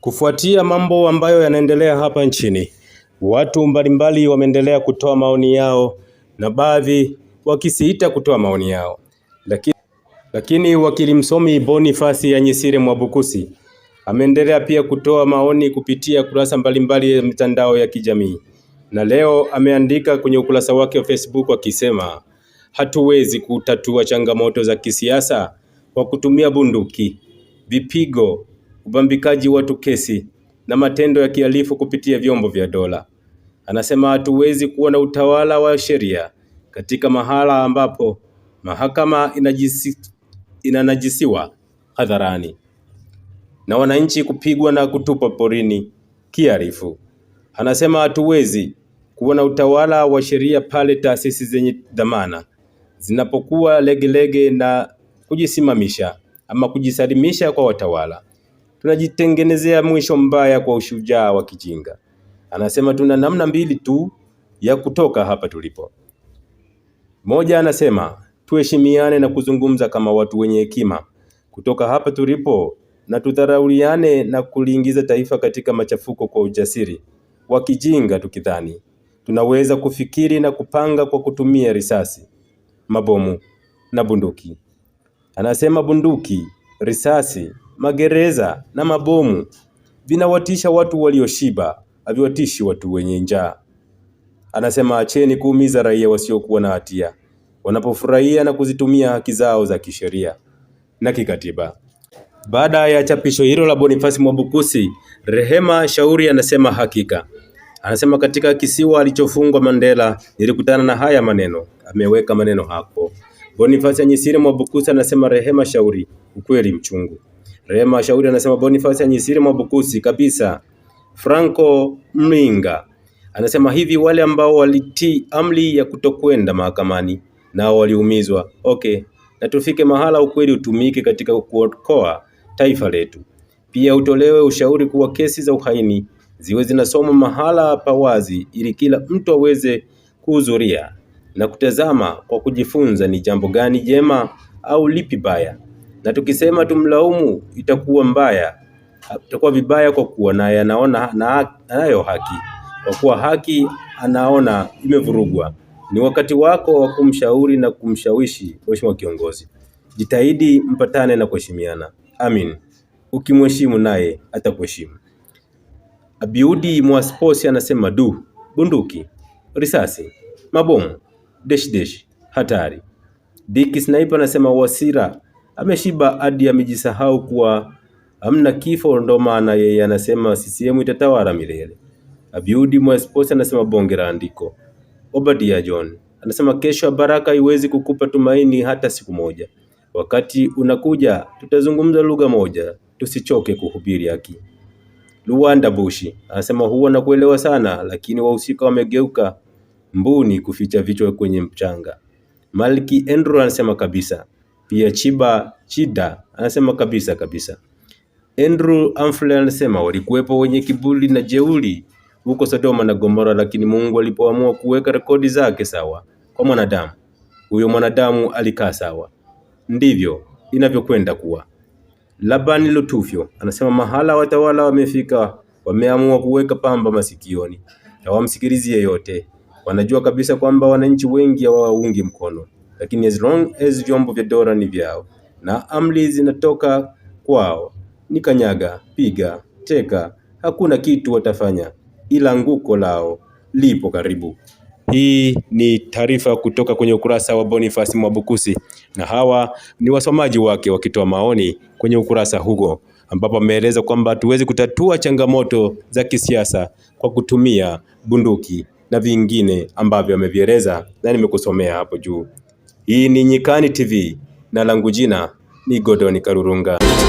Kufuatia mambo ambayo yanaendelea hapa nchini, watu mbalimbali wameendelea kutoa maoni yao na baadhi wakisiita kutoa maoni yao. Lakini, lakini wakili msomi Bonifasi Yanyisire Mwabukusi ameendelea pia kutoa maoni kupitia kurasa mbalimbali ya mitandao ya kijamii, na leo ameandika kwenye ukurasa wake wa Facebook akisema hatuwezi kutatua changamoto za kisiasa kwa kutumia bunduki, vipigo ubambikaji watu kesi na matendo ya kihalifu kupitia vyombo vya dola. Anasema hatuwezi kuwa na utawala wa sheria katika mahala ambapo mahakama inajisi, inanajisiwa hadharani na wananchi kupigwa na kutupwa porini kiarifu. Anasema hatuwezi kuwa na utawala wa sheria pale taasisi zenye dhamana zinapokuwa legelege na kujisimamisha ama kujisalimisha kwa watawala tunajitengenezea mwisho mbaya kwa ushujaa wa kijinga. Anasema tuna namna mbili tu ya kutoka hapa tulipo. Moja anasema tuheshimiane na kuzungumza kama watu wenye hekima kutoka hapa tulipo, na tudharauliane na kuliingiza taifa katika machafuko kwa ujasiri wa kijinga, tukidhani tunaweza kufikiri na kupanga kwa kutumia risasi, mabomu na bunduki. Anasema bunduki, risasi magereza na mabomu vinawatisha watu walioshiba, haviwatishi watu wenye njaa. Anasema acheni kuumiza raia wasiokuwa na hatia wanapofurahia na kuzitumia haki zao za kisheria na kikatiba. Baada ya chapisho hilo la Bonifasi Mwabukusi, Rehema Shauri anasema hakika, anasema katika kisiwa alichofungwa Mandela nilikutana na haya maneno, ameweka maneno hapo. Bonifasi Anyisiri Mwabukusi anasema Rehema Shauri, ukweli mchungu. Rehema Shauri anasema Boniface Anyisiri Mwabukusi kabisa. Franco Mlinga anasema hivi, wale ambao walitii amri ya kutokwenda mahakamani nao waliumizwa. Okay, na tufike mahala ukweli utumike katika kuokoa taifa letu. Pia utolewe ushauri kuwa kesi za uhaini ziwe zinasoma mahala pa wazi, ili kila mtu aweze kuhudhuria na kutazama kwa kujifunza ni jambo gani jema au lipi baya na tukisema tumlaumu itakuwa mbaya, itakuwa vibaya, kwa kuwa naye anaona na, anayo haki, kwa kuwa haki anaona imevurugwa. Ni wakati wako wa kumshauri na kumshawishi. Mheshimiwa kiongozi, jitahidi mpatane na kuheshimiana. Amin. Ukimheshimu naye atakuheshimu. Abiudi Mwasposi anasema du, bunduki, risasi, mabomu, desh hatari. Diki Sniper anasema Wasira ameshiba hadi amejisahau kuwa hamna kifo, ndo maana yeye anasema CCM itatawala milele. Abiudi Mwasposi anasema bonge la andiko. Obadia John anasema kesho ya baraka iwezi kukupa tumaini hata siku moja. Wakati unakuja tutazungumza lugha moja, tusichoke kuhubiri haki. Luanda Bushi anasema huwa na kuelewa sana, lakini wahusika wamegeuka mbuni kuficha vichwa kwenye mchanga. Malki Andrew anasema kabisa pia Chiba Chida anasema kabisa kabisa. Andrew Amfle anasema walikuwepo wenye kiburi na jeuri huko Sodoma na Gomora, lakini Mungu alipoamua kuweka rekodi zake sawa kwa mwanadamu, huyo mwanadamu alikaa sawa. Ndivyo inavyokwenda kuwa. Labani Lutufyo anasema mahala watawala wamefika, wameamua kuweka pamba masikioni, hawamsikilizi yeyote. Wanajua kabisa kwamba wananchi wengi hawaungi mkono, lakini as long as vyombo vya dola ni vyao na amri zinatoka kwao, ni kanyaga, piga, teka, hakuna kitu watafanya, ila nguko lao lipo karibu. Hii ni taarifa kutoka kwenye ukurasa wa Boniface Mwabukusi, na hawa ni wasomaji wake wakitoa maoni kwenye ukurasa huo, ambapo ameeleza kwamba hatuwezi kutatua changamoto za kisiasa kwa kutumia bunduki na vingine ambavyo amevieleza na nimekusomea hapo juu. Hii ni Nyikani TV na langu jina ni Godoni Karurunga.